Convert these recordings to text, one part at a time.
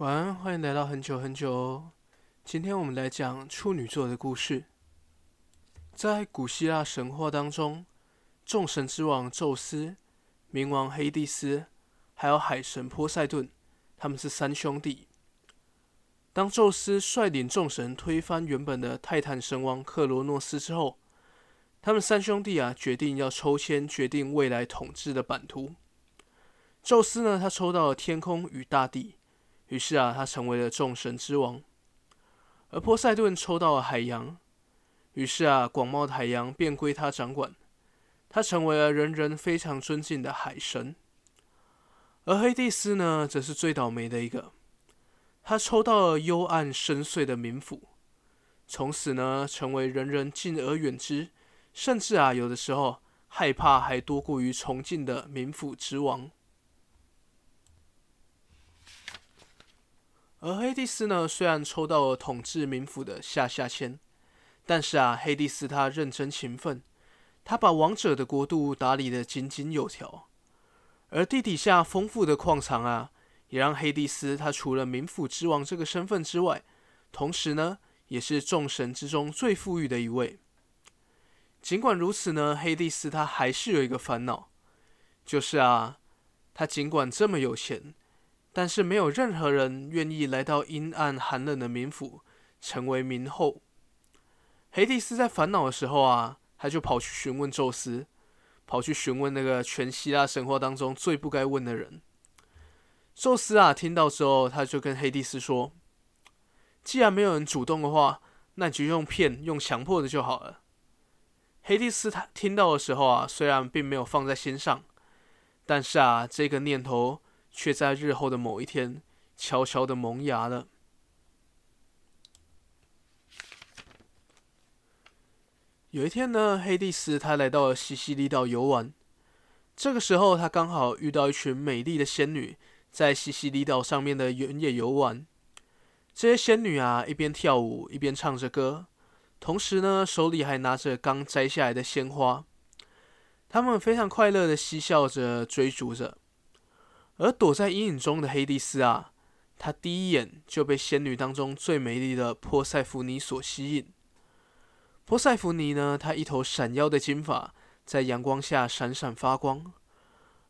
晚安，歡迎來到很久很久哦。今天我們來講處女座的故事。在古希臘神話當中，眾神之王宙斯、冥王黑帝斯，還有海神波塞頓，他們是三兄弟。當宙斯率領眾神推翻原本的泰坦神王克羅諾斯之後，他們三兄弟啊，決定要抽籤決定未來統治的版圖。宙斯呢，他抽到了天空與大地。於是啊，他成為了眾神之王。而波塞頓抽到了海洋，於是啊，廣袤的海洋便歸他掌管，他成為了人人非常尊敬的海神。而黑帝斯呢，則是最倒霉的一個，他抽到了幽暗深邃的冥府，從此呢，成為人人敬而遠之，甚至啊，有的時候害怕還多過於崇敬的冥府之王。而黑帝斯呢，雖然抽到了統治冥府的下下籤，但是啊，黑帝斯他認真勤奮，他把王者的國度打理得井井有條，而地底下豐富的礦藏啊，也讓黑帝斯他除了冥府之王這個身份之外，同時呢，也是眾神之中最富裕的一位。儘管如此呢，黑帝斯他還是有一個煩惱，就是啊，他儘管這麼有錢。但是沒有任何人願意來到陰暗寒冷的冥府成為冥後。黑帝斯在煩惱的時候啊，他就跑去詢問宙斯，跑去詢問那個全希臘神話當中最不該問的人。宙斯啊，聽到之後，他就跟黑帝斯說：“既然沒有人主動的話，那你就用騙、用強迫的就好了。”黑帝斯他聽到的時候啊，雖然並沒有放在心上，但是啊，這個念頭。卻在日後的某一天悄悄的萌芽了。有一天呢，黑帝斯他來到了西西里島遊玩。這個時候，他剛好遇到一群美麗的仙女在西西里島上面的原野遊玩。這些仙女啊，一邊跳舞，一邊唱着歌，同時呢，手裡還拿着剛摘下來的鮮花。他們非常快樂的嬉笑着，追逐着。而躲在陰影中的黑帝斯啊，他第一眼就被仙女當中最美麗的珀塞福尼所吸引。珀塞福尼呢，她一頭閃耀的金髮在陽光下閃閃發光，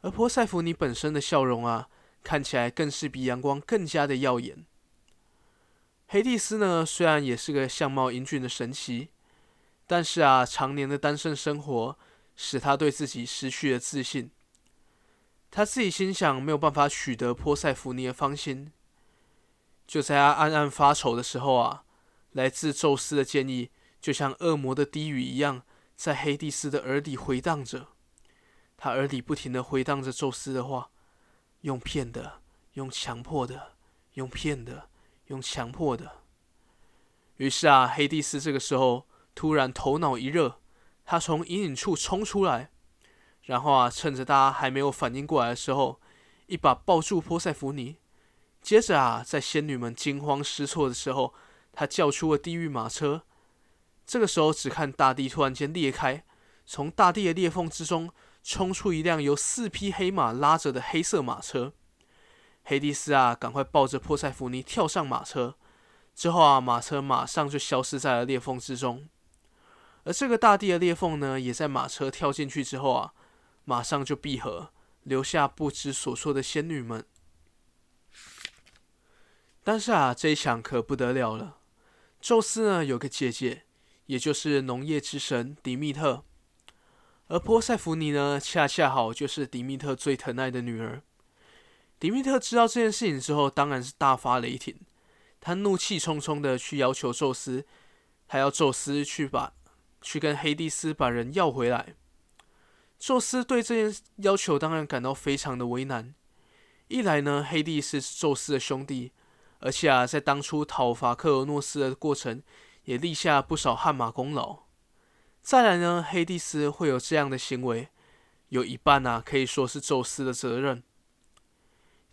而珀塞福尼本身的笑容啊，看起來更是比陽光更加的耀眼。黑帝斯呢，雖然也是個相貌英俊的神祇，但是啊，常年的單身生活使他對自己失去了自信。他自己心想，沒有辦法取得波塞福尼的芳心。就在他暗暗發愁的時候啊，來自宙斯的建議，就像惡魔的低語一樣，在黑帝斯的耳裡回蕩着。他耳裡不停地回蕩着宙斯的話，用騙的，用強迫的，用騙的，用騙的，用強迫的。於是啊，黑帝斯這個時候突然頭腦一熱，他從陰影處衝出來。然後啊，趁着他還沒有反應過來的時候，一把抱住波塞弗尼。接着啊，在仙女們驚慌失措的時候，他叫出了地獄馬車。這個時候，只看大地突然間裂開，從大地的裂縫之中衝出一輛由四匹黑馬拉着的黑色馬車。黑帝斯啊，趕快抱着波塞弗尼跳上馬車。之後啊，馬車馬上就消失在了裂縫之中。而這個大地的裂縫呢，也在馬車跳進去之後啊。馬上就閉合，留下不知所措的仙女們。但是啊，這一想可不得了了。宙斯呢，有個姐姐，也就是農業之神迪密特，而波塞弗尼呢，恰恰好就是迪密特最疼愛的女兒。迪密特知道這件事情之後，當然是大發雷霆，他怒氣沖沖的去要求宙斯，還要宙斯去把去跟黑帝斯把人要回來。宙斯對這件要求當然感到非常的為難。一來呢，黑帝斯是宙斯的兄弟，而且啊，在當初討伐克羅諾斯的過程也立下不少汗馬功勞。再來呢，黑帝斯會有這樣的行為，有一半啊，可以說是宙斯的責任。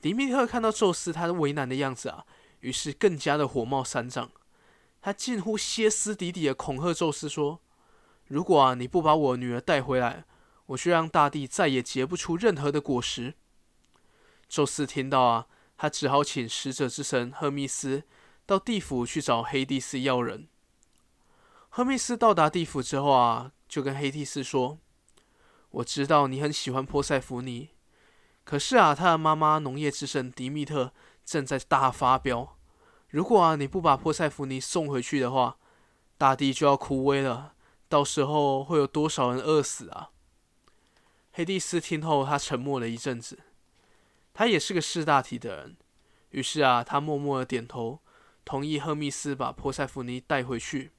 迪密特看到宙斯他為難的樣子啊，於是更加的火冒三丈，他近乎歇斯底里的恐嚇宙斯說：“如果啊你不把我女兒帶回來。”我卻讓大地再也結不出任何的果實。宙斯聽到啊，他只好請使者之神赫密斯到地府去找黑帝斯要人。赫密斯到達地府之後啊，就跟黑帝斯說：“我知道你很喜歡波塞弗尼，可是啊，他的媽媽農業之神迪密特正在大發飆。如果啊你不把波塞弗尼送回去的話，大地就要枯萎了。到時候會有多少人餓死啊？”黑帝斯聽後，他沉默了一陣子。他也是個識大體的人，於是啊，他默默的點頭，同意赫密斯把珀塞弗尼帶回去。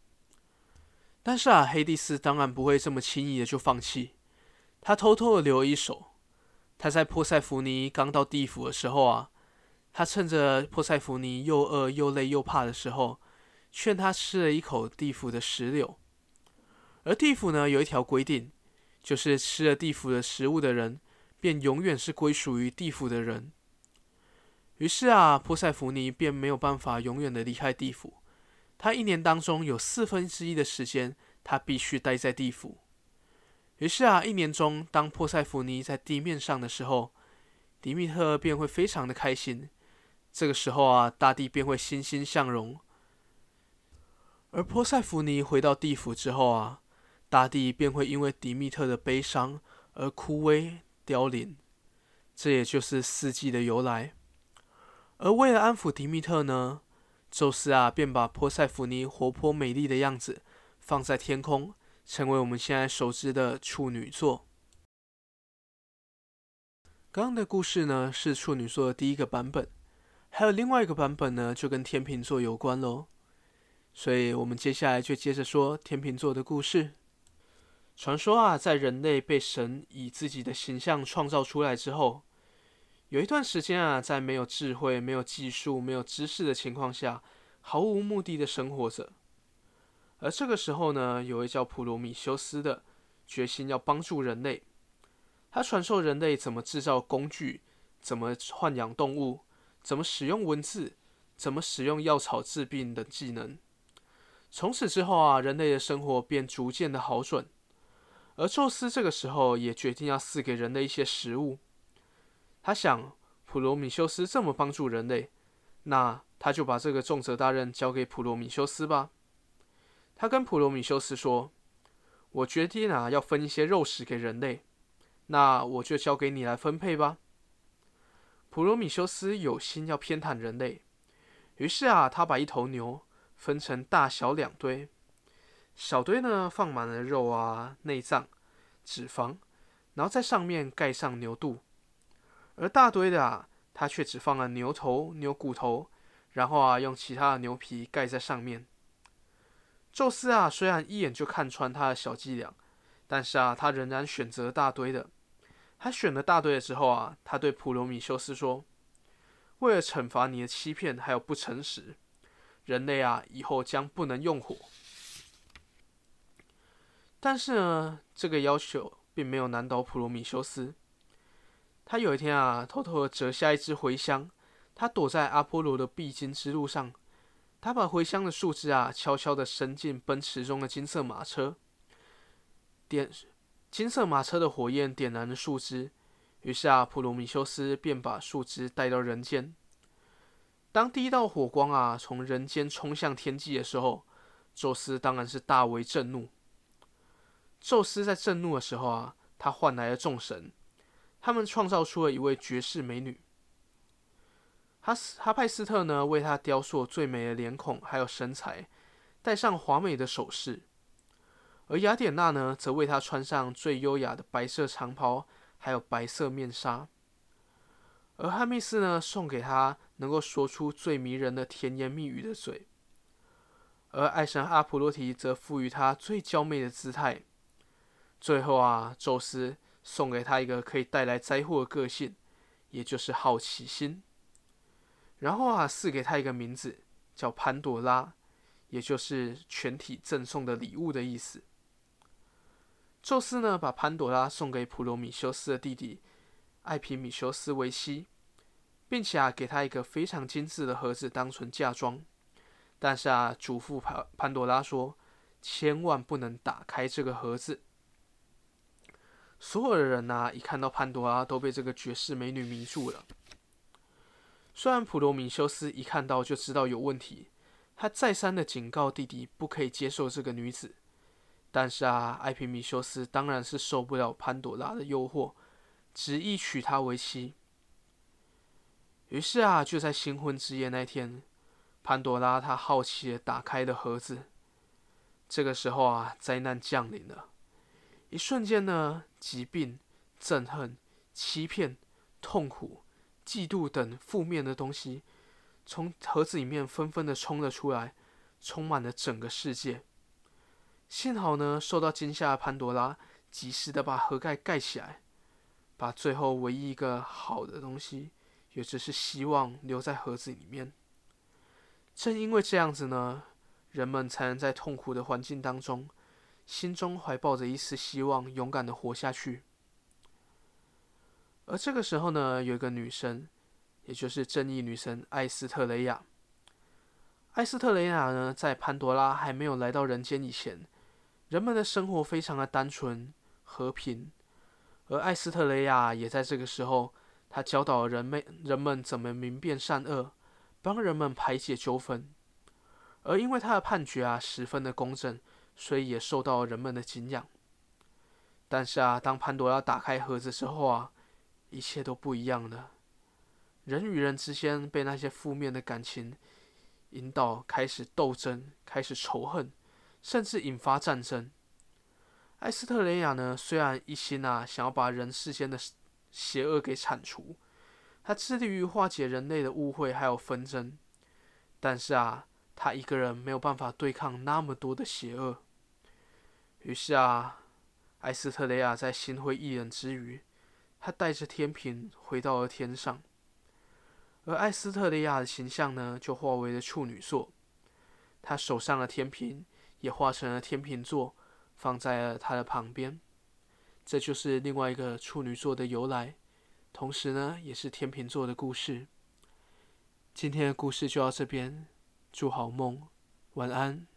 但是啊，黑帝斯當然不會這麼輕易的就放棄。他偷偷的留了一手。他在珀塞弗尼剛到地府的時候啊，他趁着珀塞弗尼又餓又累又怕的時候，勸他吃了一口地府的石榴。而地府呢，有一條規定。就是吃了地府的食物的人，便永遠是歸屬於地府的人。於是啊，波塞弗尼便沒有辦法永遠的離開地府。他一年當中有四分之一的時間，他必須待在地府。於是啊，一年中當波塞弗尼在地面上的時候，迪密特便會非常的開心。這個時候啊，大地便會欣欣向榮。而波塞弗尼回到地府之後啊。大地便會因為迪密特的悲傷而枯萎凋零，這也就是四季的由來。而為了安撫迪密特呢，宙斯啊便把波塞芬尼活潑美麗的樣子放在天空，成為我們現在熟知的處女座。剛剛的故事呢，是處女座的第一個版本，還有另外一個版本呢，就跟天秤座有關嘍。所以我們接下來就接着說天秤座的故事。傳說啊，在人類被神以自己的形象創造出來之後，有一段時間啊，在沒有智慧、沒有技術、沒有知識的情況下，毫無目的的生活着。而這個時候呢，有位叫普羅米修斯的，決心要幫助人類。他傳授人類怎麼制造工具、怎麼豢養動物、怎麼使用文字、怎麼使用藥草治病等技能。從此之後啊，人類的生活便逐漸的好轉。而宙斯這個時候也決定要賜給人類一些食物。他想，普羅米修斯這麼幫助人類，那他就把這個重責大任交給普羅米修斯吧。他跟普羅米修斯說：“我決定啊，要分一些肉食給人類，那我就交給你來分配吧。”普羅米修斯有心要偏袒人類，於是啊，他把一頭牛分成大小兩堆。小堆呢，放滿了肉啊、內臟、脂肪，然後在上面蓋上牛肚；而大堆的啊，他卻只放了牛頭、牛骨頭，然後啊用其他的牛皮蓋在上面。宙斯啊，雖然一眼就看穿他的小伎倆，但是啊，他仍然選擇大堆的。他選了大堆的時候啊，他對普羅米修斯說：“為了懲罰你的欺騙還有不誠實，人類啊，以後將不能用火。”但是呢，這個要求並沒有難倒普羅米修斯。他有一天啊，偷偷的折下一支茴香，他躲在阿波羅的必經之路上，他把茴香的樹枝啊，悄悄的伸進奔馳中的金色馬車。點，金色馬車的火焰點燃了樹枝。於是啊，普羅米修斯便把樹枝帶到人間。當第一道火光啊，從人間衝向天際的時候，宙斯當然是大為震怒。宙斯在震怒的時候啊，他喚來了眾神，他們創造出了一位絕世美女。哈斯哈派斯特呢，為他雕塑最美的臉孔，還有身材，戴上華美的首飾；而雅典娜呢，則為他穿上最優雅的白色長袍，還有白色面紗；而哈密斯呢，送給他能夠說出最迷人的甜言蜜語的嘴；而愛神阿普洛提則賦予他最嬌媚的姿態。最後啊，宙斯送給他一個可以帶來災禍的個性，也就是好奇心。然後啊，賜給他一個名字叫潘多拉，也就是全體贈送的禮物的意思。宙斯呢，把潘多拉送給普羅米修斯的弟弟艾皮米修斯為妻，並且啊，給他一個非常精致的盒子當成嫁妝。但是啊，囑咐潘潘多拉說，千萬不能打開這個盒子。所有的人吶、啊，一看到潘多拉都被這個絕世美女迷住了。雖然普羅米修斯一看到就知道有問題，他再三的警告弟弟不可以接受這個女子，但是啊，艾皮米修斯當然是受不了潘多拉的誘惑，執意娶她為妻。於是啊，就在新婚之夜那天，潘多拉她好奇的打開了盒子，這個時候啊，災難降臨了。一瞬間呢，疾病、憎恨、欺騙、痛苦、嫉妒等負面的東西，從盒子裡面紛紛的衝了出來，充滿了整個世界。幸好呢，受到驚嚇的潘多拉及時的把盒蓋蓋起來，把最後唯一一個好的東西，也就是希望，留在盒子裡面。正因為這樣子呢，人們才能在痛苦的環境當中。心中懷抱着一絲希望，勇敢的活下去。而這個時候呢，有一個女神，也就是正義女神艾斯特雷亞。艾斯特雷亞呢，在潘多拉還沒有來到人間以前，人們的生活非常的單純和平。而艾斯特雷亞也在這個時候，她教導人們人們怎麼明辨善惡，幫人們排解糾紛。而因為她的判決啊，十分的公正。所以也受到了人們的敬仰。但是啊，當潘多拉打開盒子之後啊，一切都不一樣了。人與人之間被那些負面的感情引導，開始鬥爭，開始仇恨，甚至引發戰爭。埃斯特雷亞呢，雖然一心啊想要把人世間的邪惡給鏟除，他致力於化解人類的誤會還有紛爭，但是啊。他一個人沒有辦法對抗那麼多的邪惡，於是啊，艾斯特雷亞在心灰意冷之餘，他帶着天平回到了天上，而艾斯特雷亞的形象呢，就化為了處女座，他手上的天平也化成了天秤座，放在了他的旁邊，這就是另外一個處女座的由來，同時呢，也是天秤座的故事。今天的故事就到這邊。祝好夢，晚安。